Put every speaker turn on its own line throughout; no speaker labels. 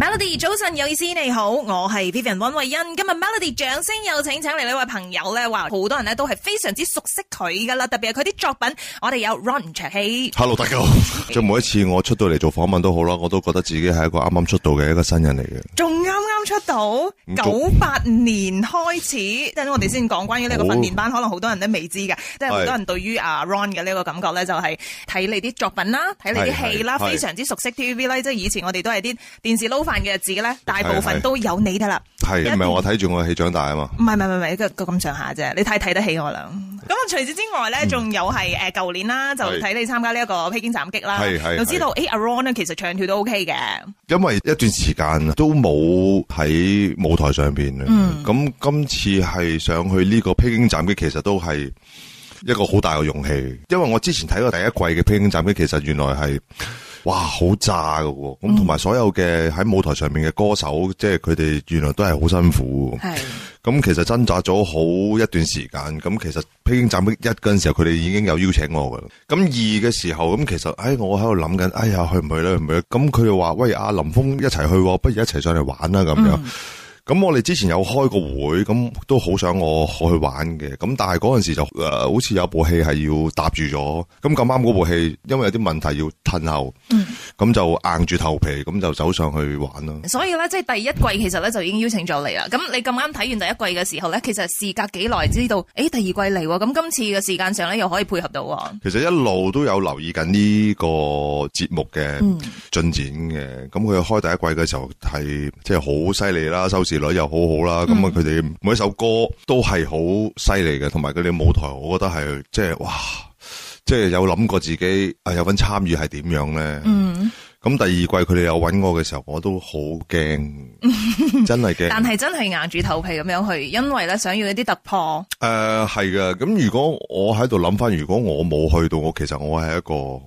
Melody，早晨，有意思，你好，我係 Vivian 溫慧欣。今日 Melody 掌聲有請請嚟呢位朋友咧，話好多人咧都係非常之熟悉佢噶啦，特別係佢啲作品，我哋有 Ron 卓羲。Hello，大家，好，
就每一次我出到嚟做訪問都好啦，我都覺得自己係一個啱啱出道嘅一個新人嚟嘅。
仲啱啱出道，九八、嗯、年開始，即係、嗯、我哋先講關於呢個訓練班，oh. 可能好多人都未知嘅，即係好多人對於阿、啊、Ron 嘅呢個感覺咧，就係睇你啲作品啦，睇你啲戲啦，非常之熟悉 TVB 咧，即係以前我哋都係啲電視撈。嘅日子咧，大部分都有你得啦。
係唔係我睇住我嘅戲長大啊嘛？
唔係唔係唔係，那個、那個咁上下啫。你太睇得起我啦。咁啊，除此之外咧，仲有係誒，舊年啦，嗯、就睇你參加呢一個披荊斬棘啦。係係，就知道誒 Ron 其實唱跳都 OK 嘅。
因為一段時間都冇喺舞台上邊咁、嗯、今次係上去呢個披荊斬棘，其實都係一個好大嘅勇氣。因為我之前睇過第一季嘅披荊斬棘，其實原來係。哇，好炸噶！咁同埋所有嘅喺舞台上面嘅歌手，即係佢哋原來都係好辛苦。係咁的，其實掙扎咗好一段時間。咁其實披荊斬棘一嗰陣時候，佢哋已經有邀請我噶啦。咁二嘅時候，咁其實，哎，我喺度諗緊，哎呀，去唔去咧？唔去，去。咁佢哋話，喂，阿林峰一齊去，不如一齊上嚟玩啦！咁樣。嗯咁我哋之前有開個會，咁都好想我去玩嘅，咁但係嗰陣時就誒、呃，好似有部戲係要搭住咗，咁咁啱嗰部戲，因為有啲問題要褪後，咁、嗯、就硬住頭皮，咁就走上去玩啦。
所以咧，即係第一季其實咧就已經邀請咗你啦。咁你咁啱睇完第一季嘅時候咧，其實事隔幾耐知道，誒、欸、第二季嚟？哦，咁今次嘅時間上咧又可以配合到。
哦。其實一路都有留意緊呢個節目嘅進展嘅，咁佢、嗯、開第一季嘅時候係即係好犀利啦收視率又好好啦，咁啊，佢哋每一首歌都係好犀利嘅，同埋佢哋舞台，我覺得係即係哇，即係有諗過自己啊有份參與係點樣咧。嗯，咁第二季佢哋有搵我嘅時候，我都好驚， 真係驚。但
係真係硬住頭皮咁樣去，因為咧想要一啲突破。
誒，係嘅，咁如果我喺度諗翻，如果我冇去到，我其實我係一個。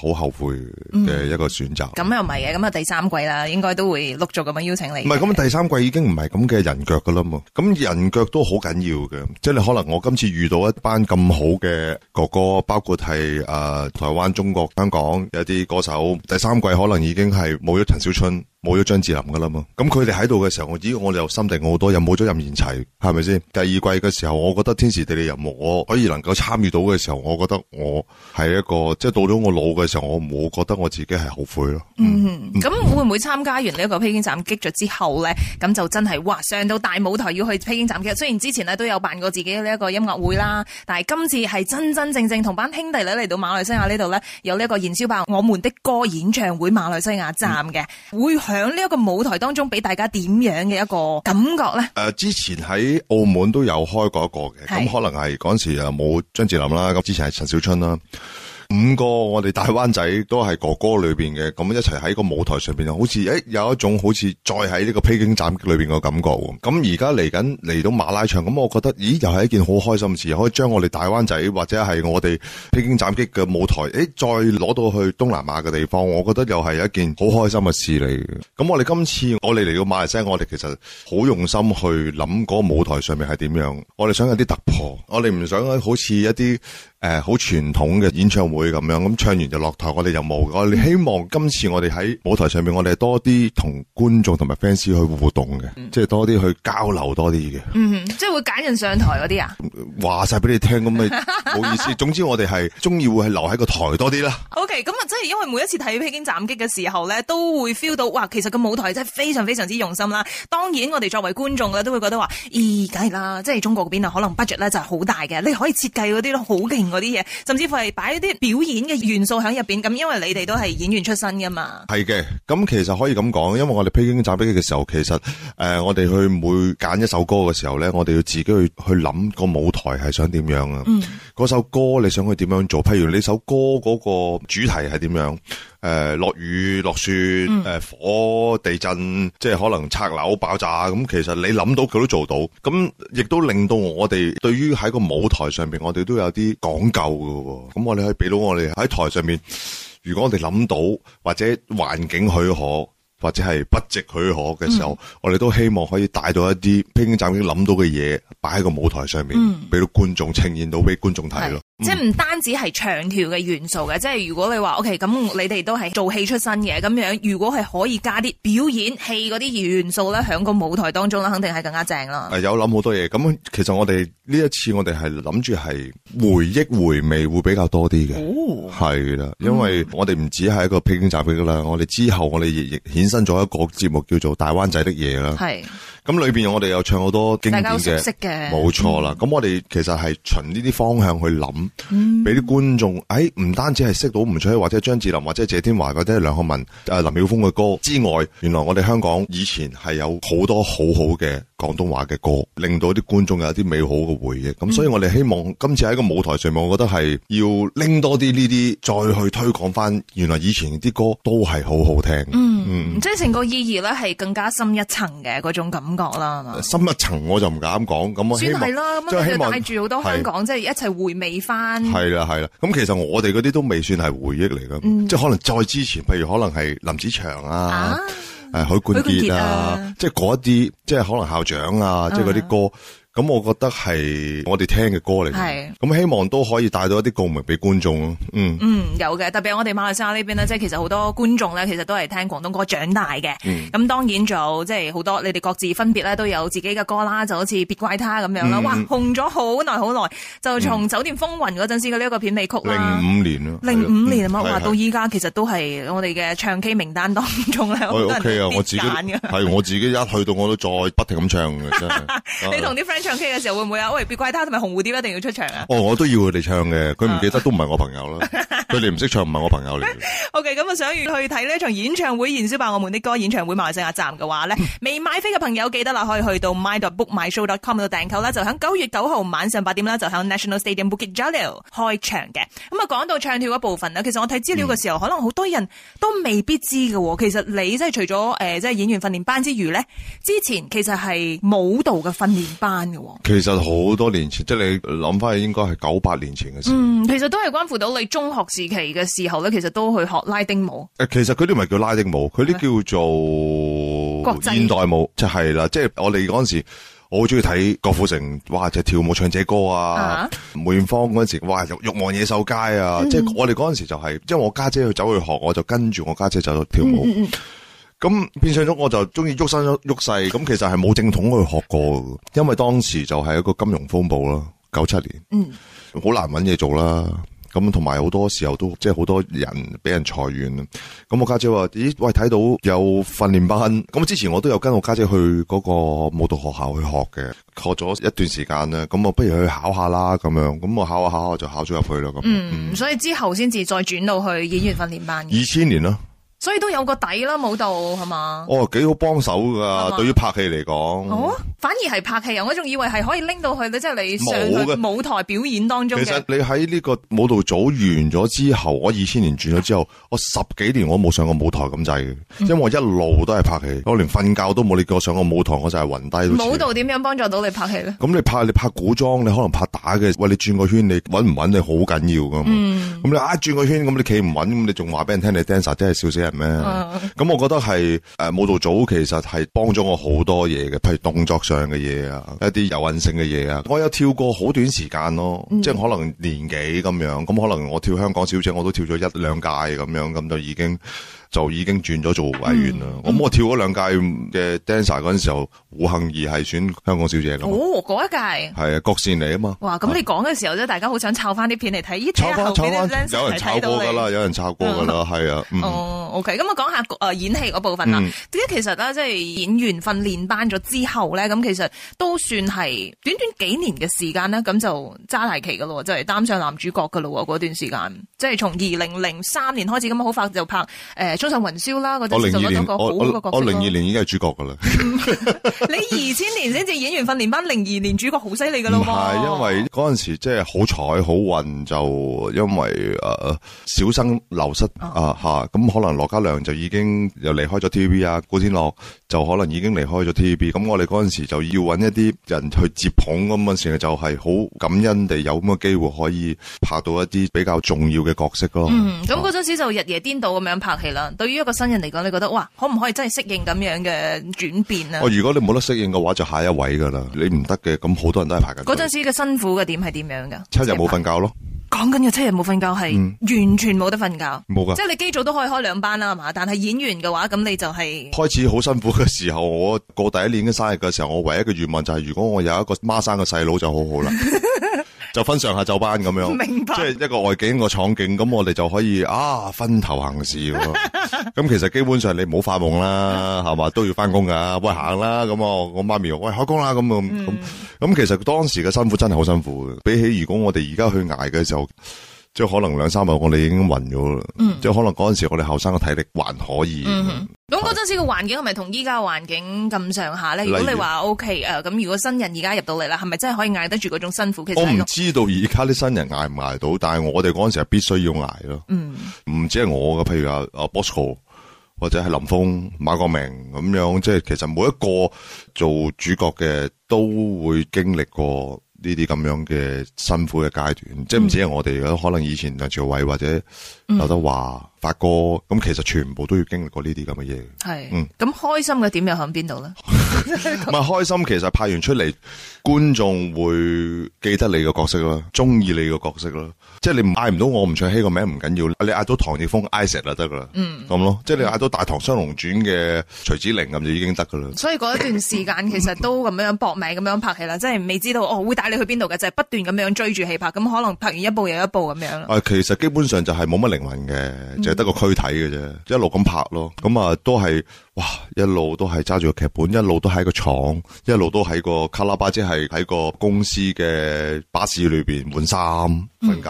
好後悔嘅一個選擇，
咁、嗯、又唔係嘅，咁啊第三季啦，應該都會陸續咁樣邀請你？唔係，咁
第三季已經唔係咁嘅人腳㗎啦嘛，咁人腳都好緊要嘅，即係你可能我今次遇到一班咁好嘅哥哥，包括係誒、呃、台灣、中國、香港有啲歌手，第三季可能已經係冇咗陳小春。冇咗張智霖噶啦嘛，咁佢哋喺度嘅時候，我知我哋又心定好多，又冇咗任賢齊，係咪先？第二季嘅時候，我覺得天時地利人和，我可以能夠參與到嘅時候，我覺得我係一個，即係到咗我老嘅時候，我唔覺得我自己係後悔咯。
嗯，咁會唔會參加完呢一個披荊斬棘咗之後呢？咁就真係哇，上到大舞台要去披荊斬棘，雖然之前咧都有辦過自己呢一個音樂會啦，但係今次係真真正正同班兄弟咧嚟到馬來西亞呢度呢，有呢一個燃燒吧我們的歌演唱會馬來西亞站嘅會。嗯喺呢一個舞台當中，俾大家點樣嘅一個感覺咧？
誒、呃，之前喺澳門都有開過一個嘅，咁是可能係嗰陣時冇張智霖啦，咁之前係陳小春啦。五個我哋大灣仔都係哥哥裏邊嘅，咁一齊喺個舞台上邊，好似誒、欸，有一種好似再喺呢個披荊斬棘裏邊嘅感覺。咁而家嚟緊嚟到馬拉場，咁我覺得，咦，又係一件好開心事，可以將我哋大灣仔或者係我哋披荊斬棘嘅舞台，誒、欸，再攞到去東南亞嘅地方，我覺得又係一件好開心嘅事嚟嘅。咁我哋今次我哋嚟到馬來西亞，我哋其實好用心去諗嗰個舞台上面係點樣，我哋想有啲突破，我哋唔想好似一啲。誒，好傳、呃、統嘅演唱會咁樣，咁唱完就落台，我哋就冇噶。你希望今次我哋喺舞台上面，我哋多啲同觀眾同埋 fans 去互動嘅，嗯、即係多啲去交流多啲嘅、嗯。
即係會揀人上台嗰啲啊？
話晒俾你聽，咁啊冇意思。總之我哋係中意會係留喺個台多啲啦。
OK，咁啊，即係因為每一次睇披荊斬棘嘅時候咧，都會 feel 到哇，其實個舞台真係非常非常之用心啦。當然我哋作為觀眾嘅都會覺得話，咦、欸，梗係啦，即係中國嗰邊啊，可能 budget 咧就係好大嘅，你可以設計嗰啲都好勁。啲嘢，甚至乎係擺一啲表演嘅元素喺入邊，咁因為你哋都係演員出身噶嘛。
係嘅，咁其實可以咁講，因為我哋披荊斬棘嘅時候，其實誒、呃，我哋去每揀一首歌嘅時候咧，我哋要自己去去諗個舞台係想點樣啊。嗰、嗯、首歌你想去點樣做？譬如呢首歌嗰個主題係點樣？誒、呃，落雨、落雪、誒、嗯呃，火、地震，即係可能拆樓、爆炸咁、嗯。其實你諗到佢都做到，咁亦都令到我哋對於喺個舞台上面，我哋都有啲講。講究嘅，咁我哋可以俾到我哋喺台上面。如果我哋諗到或者環境許可或者係 budget 許可嘅時候，嗯、我哋都希望可以帶到一啲披荊斬棘諗到嘅嘢，擺喺個舞台上面，俾到觀眾呈現到俾觀眾睇咯。嗯、
即係唔單止係唱跳嘅元素嘅，即係如果你話、嗯、OK，咁你哋都係做戲出身嘅，咁樣如果係可以加啲表演戲嗰啲元素咧，喺個舞台當中咧，肯定係更加正啦。
誒、嗯，有諗好多嘢，咁其實我哋呢一次我哋係諗住係回憶回味會比較多啲嘅，係啦、哦，因為、嗯、我哋唔止係一個披荊斬棘啦，我哋之後我哋亦亦衍生咗一個節目叫做《大灣仔的夜》啦，係、嗯。嗯嗯嗯咁裏邊我哋又唱好多經典嘅，冇錯啦。咁錯、嗯、我哋其實係循呢啲方向去諗，俾啲、嗯、觀眾，誒，唔單止係識到吳卓羲，或者張智霖，或者謝天華，或者梁漢文、誒林曉峰嘅歌之外，原來我哋香港以前係有好多好好嘅。廣東話嘅歌，令到啲觀眾有一啲美好嘅回憶。咁、嗯，所以我哋希望今次喺一個舞台上，我覺得係要拎多啲呢啲，再去推廣翻。原來以前啲歌都係好好聽。
嗯，嗯，即係成個意義咧，係更加深一層嘅嗰種感覺啦。
深一層我就唔敢講。咁啊，算係咯。咁啊，帶住好多香港，
即係是一齊回味翻。係
啦，係啦。咁其實我哋嗰啲都未算係回憶嚟噶。嗯、即係可能再之前，譬如可能係林子祥啊。啊誒，許冠傑啊，即係嗰啲，即係可能校長啊，嗯、即係嗰啲歌。咁我覺得係我哋聽嘅歌嚟，嘅，咁希望都可以帶到一啲共鳴俾觀眾咯。嗯
嗯，有嘅，特別我哋馬來西亞呢邊呢，即係其實好多觀眾咧，其實都係聽廣東歌長大嘅。咁當然就即係好多你哋各自分別咧，都有自己嘅歌啦，就好似別怪他咁樣啦。哇，紅咗好耐好耐，就從酒店風雲嗰陣時嘅呢一個片尾曲，零
五年咯，零五
年啊嘛，話到依家其實都係我哋嘅唱 K 名單當中啦。O K 啊，我自己揀
我自己一去到我都再不停咁唱。你同
啲 friend？唱 K 嘅時候會唔會啊？喂，別怪他同埋紅蝴蝶一定要出場啊！
哦，我都要佢哋唱嘅，佢唔記得都唔係我朋友啦，佢哋唔識唱唔係 我朋友嚟。
OK，咁啊，想要去睇呢一場演唱會《燃燒吧，我們的歌》演唱會馬來西亞站嘅話咧， 未買飛嘅朋友記得啦，可以去到 my.bookmyshow.com 度訂購啦，就喺九月九號晚上八點啦，就喺 National Stadium, Stadium Bukit Jalil 開場嘅。咁啊，講到唱跳嗰部分咧，其實我睇資料嘅時候，嗯、可能好多人都未必知嘅。其實你即係除咗誒，即係演員訓練班之餘咧，之前其實係舞蹈嘅訓練班。
其實好多年前，即係你諗翻，應該係九八年前嘅事。
嗯，其實都係關乎到你中學時期嘅時候咧，其實都去學拉丁舞。
誒，其實佢啲唔係叫拉丁舞，佢啲的叫做現代舞，國際即係啦。即係我哋嗰陣時，我好中意睇郭富城，哇！即，就是，跳舞唱這歌啊。梅艷芳嗰陣時，哇！欲望野獸街啊。嗯、即係我哋嗰陣時就係，是，因為我家姐，姐去走去學，我就跟住我家姐走去跳舞。嗯咁變相咗，我就中意喐身喐勢，咁其實係冇正統去學過，因為當時就係一個金融風暴啦，九七年，嗯，好難搵嘢做啦，咁同埋好多時候都即係好多人俾人裁員啊。咁我家姐話：咦，喂，睇到有訓練班，咁之前我都有跟我家姐去嗰個舞蹈學校去學嘅，學咗一段時間啦。咁我不如去考下啦，咁樣，咁我考下考下就考咗入去啦。咁，
嗯，嗯所以之後先至再轉到去演員訓練班，嗯，二千年咯。所以都有個底啦，舞蹈係嘛？
哦，幾好幫手噶，吧對於拍戲嚟講，哦，
反而係拍戲啊！我仲以為係可以拎到去咧，即、就、係、是、你上舞台表演當中。其實你
喺呢個舞蹈組完咗之後，我二千年轉咗之後，啊、我十幾年我冇上過舞台咁滯嘅，嗯、因為我一路都係拍戲，我連瞓覺都冇。你叫我上個舞台，我就係暈低。舞
蹈點樣幫助到你拍戲咧？
咁你拍你拍古裝，你可能拍打嘅，喂，你轉個圈，你穩唔穩？你好緊要噶嘛？咁、嗯、你啊轉個圈，咁你企唔穩，咁你仲話俾人聽你 dancer 真係笑死。咩？咁、嗯、我覺得係誒、呃、舞蹈組其實係幫咗我好多嘢嘅，譬如動作上嘅嘢啊，一啲柔韌性嘅嘢啊，我有跳過好短時間咯，嗯、即係可能年幾咁樣，咁可能我跳香港小姐我都跳咗一兩屆咁樣，咁就已經。就已經轉咗做藝員啦。我摸跳嗰兩屆嘅 dancer 嗰陣時候，胡杏兒係選香港小姐噶嘛？哦，嗰一屆係啊，郭羨妮嚟啊嘛。
哇，咁你講嘅時候咧，大家好想抄翻啲片嚟睇。有人抄過噶
啦，有人抄過噶啦，係啊。哦
，OK，咁我講下誒演戲嗰部分啦。點解其實咧，即係演員訓練班咗之後咧，咁其實都算係短短幾年嘅時間咧，咁就揸大旗噶咯，即係擔上男主角噶咯。嗰段時間，即係從二零零三年開始咁好快就拍誒。衝上雲霄啦！我零二年我零二
年已經係主角噶啦，
你二千年先至演完訓練班，零二年主角好犀利噶咯。唔係因為
嗰陣時即係好彩好運，就因為誒、呃、小生流失、呃、啊嚇，咁、嗯嗯、可能羅嘉良就已經又離開咗 TV 啊，古天樂，就可能已經離開咗 TVB，咁我哋嗰陣時就要揾一啲人去接捧咁啊，嗰陣時就係好感恩地有咁嘅機會可以拍到一啲比較重要嘅角色咯。嗯，
咁嗰陣時就日夜顛倒咁樣拍戲啦。對於一個新人嚟講，你覺得哇，可唔可以真係適應咁樣嘅轉變啊？我、啊、如
果你冇得適應嘅話，就下一位噶啦，你唔得嘅，咁好多人都係拍緊。嗰陣
時嘅辛苦嘅點係點樣噶？七
日冇瞓覺咯。
講緊嘅七日冇瞓覺係完全冇得瞓覺，冇噶，嗯，即係你幾早都可以開兩班啦，係嘛？但係演員嘅話，咁你就係、是、
開始好辛苦嘅時候。我過第一年嘅生日嘅時候，我唯一嘅願望就係，如果我有一個孖生嘅細佬就好好啦。 就分上下晝班咁樣，明白即係一個外景一個廠景，咁我哋就可以啊分頭行事。咁 其實基本上你唔好發夢啦，係嘛 都要翻工噶，喂行啦，咁我媽咪喂開工啦，咁咁咁，其實當時嘅辛苦真係好辛苦比起如果我哋而家去挨嘅時候。即係可能兩三個我哋已經暈咗啦，嗯、即係可能嗰陣時我哋後生嘅體力還可以。
咁嗰陣時嘅環境係咪同依家嘅環境咁上下咧？如，如果你話 O K 啊，咁如果新人而家入到嚟啦，係咪真係可以捱得住嗰種辛苦？其實我唔
知道而家啲新人捱唔捱到，但係我哋嗰陣時係必須要捱咯。唔止係我嘅，譬如阿阿 Bosco 或者係林峰、馬國明咁樣，即係其實每一個做主角嘅都會經歷過。呢啲咁樣嘅辛苦嘅階段，即係唔止係我哋，嗯、可能以前梁朝偉或者劉德華。發過咁，其實全部都要經歷過呢啲咁嘅嘢。係是，嗯，
咁開心嘅點又喺邊度咧？唔 係
開心，其實拍完出嚟，觀眾會記得你個角色咯，中意你個角色不不係、嗯、咯。即係你嗌唔到我吳卓羲個名唔緊要，你嗌到唐藝峰、Isaac 就得噶啦。嗯，咁咯，即係你嗌到《大唐雙龍傳》嘅徐子陵咁就已經得噶啦。所
以嗰一段時間 其實都咁樣搏命咁樣拍戲啦， 即係未知道哦會帶你去邊度嘅，就係、是、不斷咁樣追住戲拍，咁可能拍完一部又一部咁樣。
誒，其實基本上就係冇乜靈魂嘅。嗯得個軀體嘅啫，一路咁拍咯，咁啊都係哇，一路都係揸住個劇本，一路都喺個廠，一路都喺個卡拉巴，即係喺個公司嘅巴士裏邊換衫瞓覺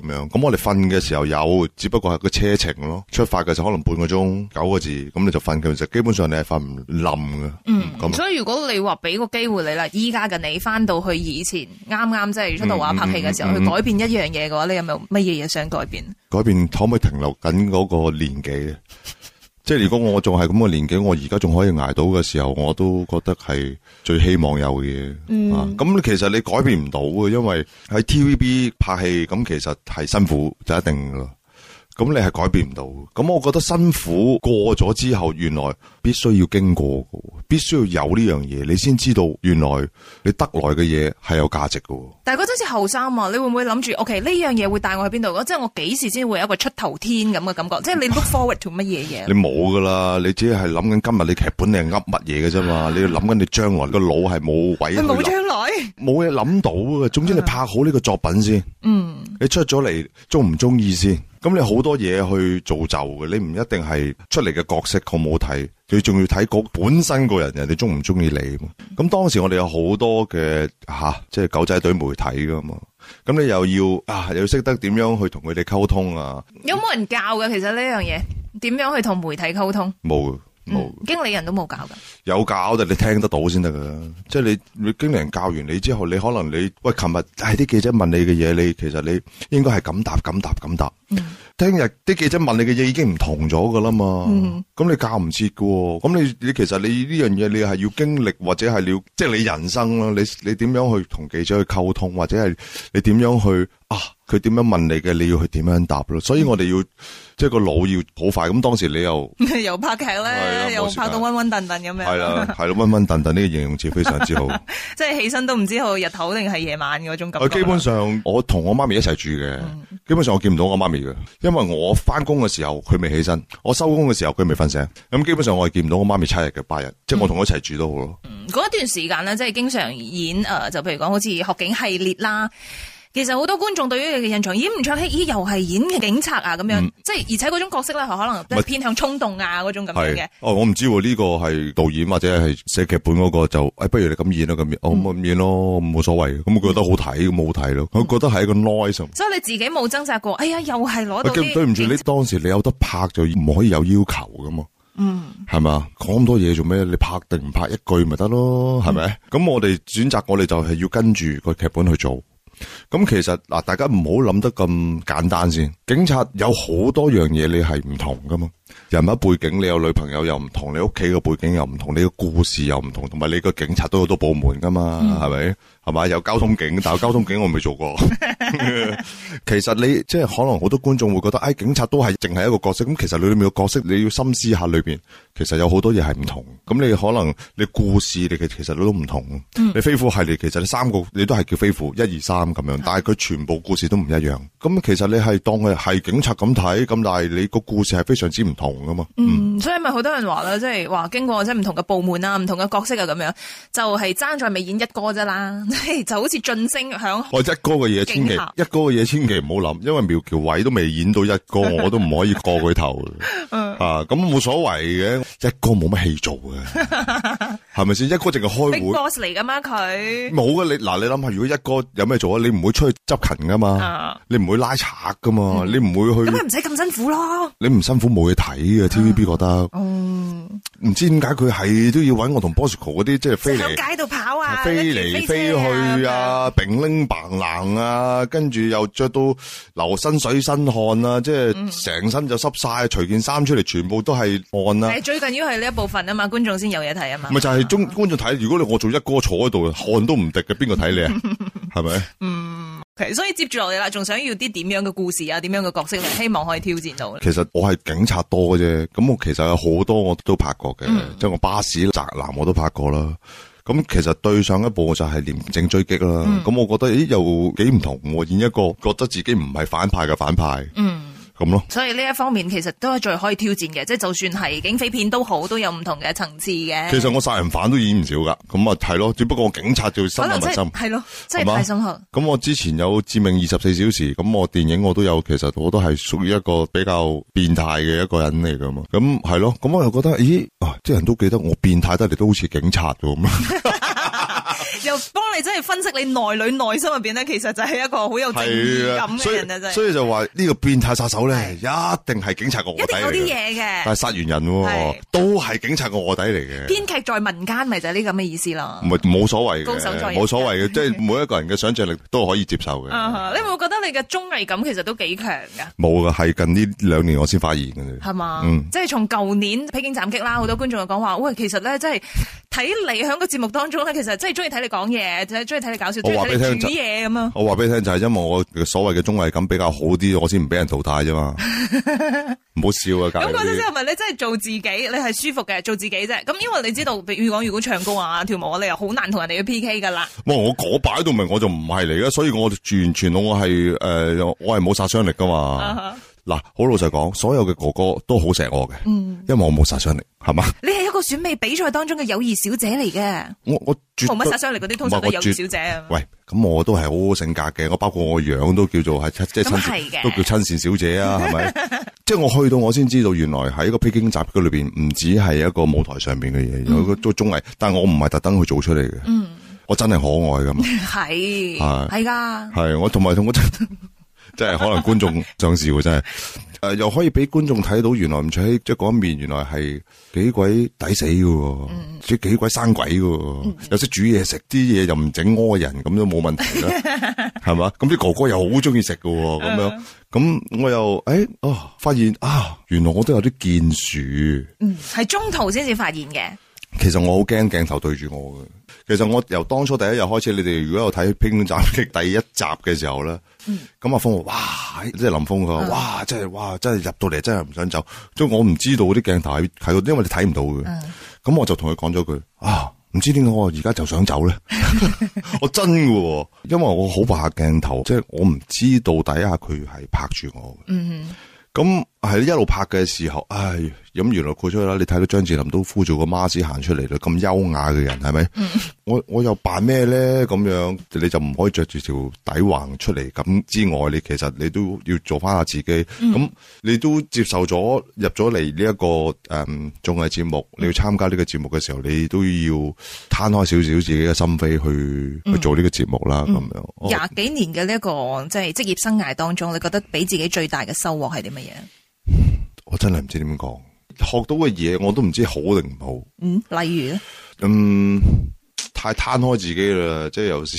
咁樣。咁我哋瞓嘅時候有，只不過係個車程咯。出發嘅時候可能半個鐘九個字，咁你就瞓，其實基本上你係瞓唔冧嘅。嗯，咁樣所以
如果你話俾個機會你啦，依家嘅你翻到去以前啱啱即係出到話拍戲嘅時候，嗯嗯、去改變一樣嘢嘅話，你有冇乜嘢嘢想改變？
改變可唔可以停留緊嗰個年紀？即係如果我仲係咁個年紀，我而家仲可以捱到嘅時候，我都覺得係最希望有嘅。咁、嗯啊、其實你改變唔到嘅，因為喺 TVB 拍戲咁，其實係辛苦就一定噶啦。咁你係改變唔到，咁我覺得辛苦過咗之後，原來必須要經過，必須要有呢樣嘢，你先知道原來你得來嘅嘢係有價值
㗎。但係嗰陣時後生啊，你會唔會諗住，OK 呢樣嘢會帶我去邊度？即係我幾時先會有一個出頭天咁嘅感覺？ 即係你 look forward to 乜嘢嘢？ 你
冇噶啦，你只係諗緊今日你劇本你係噏乜嘢嘅啫嘛？啊、你要諗緊你將來個腦係冇位，係冇將來。冇嘢諗到啊。總之你拍好呢個作品先。嗯，你出咗嚟中唔中意先？咁你好多嘢去造就嘅，你唔一定係出嚟嘅角色好唔好睇，你仲要睇本身個人人哋中唔中意你。咁當時我哋有好多嘅吓、啊，即係狗仔隊媒體噶嘛。咁你又要啊，又要識得點樣去同佢哋溝通啊？
有冇人教嘅？其實呢樣嘢點樣去同媒體溝通？
冇。嗯、
經理人都冇教噶，
有教但你聽得到先得噶，即係你你經理人教完你之後，你可能你喂，琴日唉啲記者問你嘅嘢，你其實你應該係咁答咁答咁答。聽日啲記者問你嘅嘢已經唔同咗噶啦嘛，咁、嗯、你教唔切噶，咁你你其實你呢樣嘢你係要經歷或者係要即係你人生啦，你你點樣去同記者去溝通，或者係你點樣去啊？佢點樣問你嘅，你要去點樣答咯？所以我哋要，即係個腦要好快。咁當時你又
又拍劇咧，了又拍到暈暈沌沌咁樣。係啦了，
係咯， 暈暈沌沌呢個形容詞非常之好。
即係起身都唔知好日頭定係夜晚嗰種感覺。基本
上，我同我媽咪一齊住嘅，基本上我見唔到我媽咪嘅，因為我翻工嘅時候佢未起身，我收工嘅時候佢未瞓醒。咁基本上我係見唔到我媽咪七日嘅八日，即係我同佢一齊住都好咯。
嗰一段時間咧，即係經常演誒、呃，就譬如講好似《學警》系列啦。其實好多觀眾對於佢嘅印象，咦？吳卓羲咦又係演警察啊，咁樣，嗯、即係而且嗰種角色咧，可能偏向衝動啊嗰、嗯、種咁樣
嘅。哦，我唔知呢、這個係導演或者係寫劇本嗰、那個就、哎、不如你咁演啦、啊、咁、嗯哦、樣，我咪咁演咯，冇所謂。咁我覺得好睇，咁、嗯、好睇咯。佢、嗯、覺得係一個 noise。
所以你自己冇掙扎過，哎呀，又係攞到啲、啊。對唔
住，你當時你有得拍就唔可以有要求噶嘛？嗯，係咪？講咁多嘢做咩？你拍定唔拍一句咪得咯？係咪？咁、嗯嗯、我哋選擇，我哋就係要跟住個劇本去做。咁其實嗱，大家唔好諗得咁簡單先。警察有好多樣嘢，你係唔同噶嘛。人物背景你有女朋友又唔同，你屋企嘅背景又唔同，你嘅故事又唔同，同埋你個警察都好多部門噶嘛，係咪？係嘛？有交通警但係交通警我未做過。 其實你即係可能好多觀眾會覺得，誒、哎，警察都係淨係一個角色，咁其實裏面嘅角色你要深思下裡，裏邊其實有好多嘢係唔同。咁你可能你故事你嘅其實都唔同。嗯、你飛虎系列其實你三個你都係叫飛虎一二三咁樣，但係佢全部故事都唔一樣。咁是的、嗯、其實你係當佢係警察咁睇，咁但係你個故事係非常之唔同。嗯，
所以咪好多人話啦，即係話經過即係唔同嘅部門啊，唔同嘅角色啊，咁樣就係、是、爭在未演一哥啫啦，就好似晉升響
我 一哥嘅嘢，千祈下一哥嘅嘢千祈唔好諗，因為苗僑偉都未演到一哥， 我都唔可以過佢頭， 嗯、啊，咁無所謂嘅，一哥冇乜戲做嘅。 係咪先一哥淨係開會？Big Boss
嚟噶嘛佢？
冇噶你嗱，你諗下如果一哥有咩做啊？你唔會出去執勤噶嘛？你唔會拉賊噶嘛？你唔會去？咁咪唔
使咁辛苦咯？
你唔辛苦冇嘢睇嘅 TVB 覺得。嗯。唔知點解佢係都要搵我同 Bosco 嗰啲即係飛嚟。喺街
度跑啊！飛嚟飛
去啊！并拎唪冷啊！跟住又着到流身水身汗啊！即係成身就濕晒，除件衫出嚟全部都係汗啦。
最緊要係呢一部分啊嘛，觀眾先有嘢睇啊嘛。咪就
係。中觀眾睇，如果你我做一哥坐喺度，汗都唔滴嘅，邊個睇你啊？係咪 吧？嗯
OK 所以接住落嚟啦，仲想要啲點樣嘅故事啊？點樣嘅角色嚟，希望可以挑戰到。其實
我係警察多嘅啫，咁我其實有好多我都拍過嘅，即係、嗯、我巴士個宅男我都拍過啦。咁其實對上一部就係《廉政追擊》啦、嗯。咁我覺得，咦，又幾唔同，我演一個覺得自己唔係反派嘅反派。嗯。咁咯，
所以呢一方面其實都係最可以挑戰嘅，即、就、係、是、就算係警匪片都好，都有唔同嘅層次嘅。其
實我殺人犯都演唔少噶，咁啊係咯，只不過警察最深入人心
係、嗯、咯，係嘛？
咁我之前有致命二十四小時，咁我電影我都有，其實我都係屬於一個比較變態嘅一個人嚟噶嘛，咁係咯，咁我又覺得，咦，啊，啲人都記得我變態得嚟都好似警察咁。
幫你真係分析你內裏內心入邊咧，其實就係一個好有正義感嘅人啊！所
以就話呢個變態殺手咧，一定係警察個臥底。一定有啲嘢嘅，但係殺完人的都係警察個臥底嚟嘅。編
劇在民間，咪就係呢咁嘅意思咯。
係冇所謂冇所謂嘅，即係每一個人嘅想象力都可以接受嘅。
你會唔會覺得你嘅綜藝感其實都幾強噶？
冇噶，係近呢兩年我先發現
嘅。係嘛嗎？嗯，即係從舊年《披荊斬棘》啦，好多觀眾就講話，喂，其實咧，即係。 睇你喺個節目當中咧，其實真係中意睇你講嘢，睇中意睇你搞笑，中意睇你煮嘢咁啊！我
話俾你聽就係、是、因為我所謂嘅綜藝感比較好啲，我先唔俾人淘汰啫嘛。唔好, 笑啊！咁講真係
咪你真係做自己，你係舒服嘅做自己啫。咁因為你知道，比如講如果唱歌啊、跳舞，你又好難同人哋去 P K 噶啦。
哇、嗯！我嗰版都唔我就唔係嚟嘅，所以我完全我係誒，我係冇殺傷力噶嘛。Uh huh. 嗱，好老實講，所有嘅哥哥都好錫我嘅，嗯，因為我冇殺傷力，係嘛？
你係一個選美比賽當中嘅友誼小姐嚟嘅，
我我冇殺傷力嗰啲通常都係友誼小姐啊。喂，咁我都係好好性格嘅，我包括我樣都叫做係親，即係親都叫親善小姐啊，係咪？即係我去到我先知道，原來喺一個披荊斬棘裏邊，唔止係一個舞台上面嘅嘢，有一個做綜藝，但係我唔係特登去做出嚟嘅，我真係可愛噶嘛，
係係係噶，
係我同埋同 即係可能觀眾上笑真係，誒、呃、又可以俾觀眾睇到，原來唔除即係嗰一面，原來係幾鬼抵死嘅，即係幾鬼生鬼嘅，有識、嗯、煮嘢食，啲嘢又唔整屙人咁都冇問題啦，係嘛？ 咁、那、啲、個、哥哥又好中意食嘅，咁、嗯、樣咁我又誒啊、哎哦、發現啊，原來我都有啲見樹，嗯，
係中途先至發現嘅。
其實我好驚鏡頭對住我嘅。其實我由當初第一日開始，你哋如果有睇《冰點站》嘅第一集嘅時候咧，咁阿峰話，哇、啊，即係林峰佢話，哇，真係，哇，真係入到嚟真係唔想走。即係、嗯、我唔知道嗰啲鏡頭喺度，因為你睇唔到嘅。咁、嗯、我就同佢講咗句，啊，唔知點解我而家就想走咧？ 我真嘅、啊，因為我好怕鏡頭，即、就、係、是、我唔知道底下佢係拍住我嘅。咁、嗯哼。係一路拍嘅時候，唉，咁原來豁出去啦！你睇到張智霖都呼咗個媽子行出嚟啦，咁優雅嘅人係咪？嗯、我我又扮咩咧？咁樣你就唔可以着住條底橫出嚟。咁之外，你其實你都要做翻下自己。咁、嗯、你都接受咗入咗嚟呢一個誒綜藝節目，你要參加呢個節目嘅時候，你都要攤開少少自己嘅心扉去去做呢個節目啦。咁樣
廿幾、嗯嗯、我年嘅呢一個即係職業生涯當中，你覺得俾自己最大嘅收穫係啲乜嘢？
我真係唔知點講，學到嘅嘢我都唔知好定唔好。
嗯，例如
咧，嗯，太攤開自己啦，即係有時，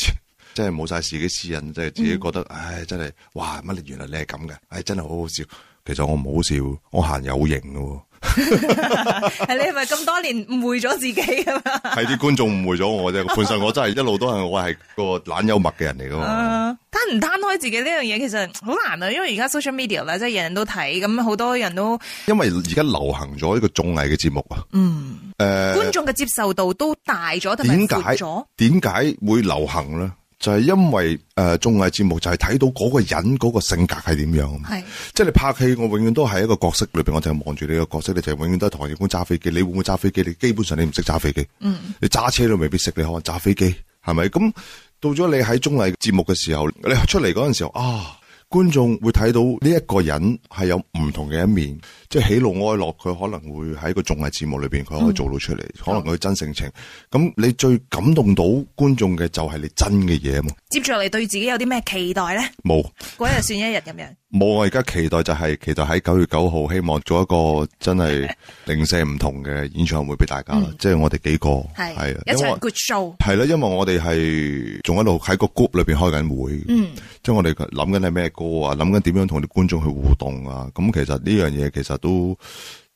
即係冇晒自己私隱，即係自己覺得，嗯、唉，真係，哇，乜你原來你係咁嘅，唉，真係好好笑。其實我唔好笑，我行有型嘅。
係。 你係咪咁多年誤會咗自己㗎？
係。 啲觀眾誤會咗我啫，本身我真係一路都係我係個懶幽默嘅人嚟㗎嘛。
攤唔攤開自己呢樣嘢，其實好難啊！因為而家 social media 咧，即係人人都睇，咁好多人都
因為而家流行咗呢個綜藝嘅節目啊。嗯，誒、呃，觀眾
嘅接受度都大咗，同埋闊咗，
點解會流行咧？就係因為誒，綜藝節目就係睇到嗰個人嗰個性格係點樣，係是即係你拍戲，我永遠都係一個角色裏邊，我就望住你個角色，你就永遠都係唐亦風揸飛機，你會唔會揸飛機？你基本上你唔識揸飛機，嗯，你揸車都未必識，你可能揸飛機，係咪？咁到咗你喺綜藝節目嘅時候，你出嚟嗰陣時候啊。觀眾會睇到呢一個人係有唔同嘅一面，即係喜怒哀樂，佢可能會喺個綜藝節目裏邊，佢可以做到出嚟，嗯、可能佢真性情。咁、嗯、你最感動到觀眾嘅就係你真嘅嘢嘛？
接住落嚟，對自己有啲咩期待咧？冇，嗰日算一日咁樣。
冇，我而家期待就係、是、期待喺九月九號，希望做一個真係零舍唔同嘅演唱會俾大家。 嗯、即係我哋幾個係，是是因為 good show 係啦，因為我哋係仲一路喺個 group 裏邊開緊會。嗯，即係我哋諗緊係咩歌啊，諗緊點樣同啲觀眾去互動啊。咁、嗯嗯、其實呢樣嘢其實都。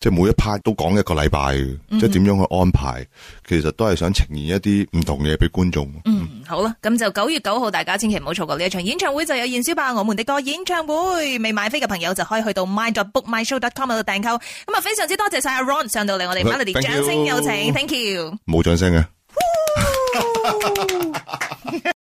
即係每一 part 都講一個禮拜、嗯嗯、即係點樣去安排，其實都係想呈現一啲唔同嘢俾觀眾。嗯，
好啦，咁就九月九號大家千祈唔好錯過呢一場演唱會，就有燃燒吧我們的歌演唱會。未買飛嘅朋友就可以去到 my.bookmyshow.com 度訂購。咁啊，啊，非常之多謝晒阿 Ron 上到嚟我哋，歡迎掌聲有請，Thank you。
冇掌聲啊。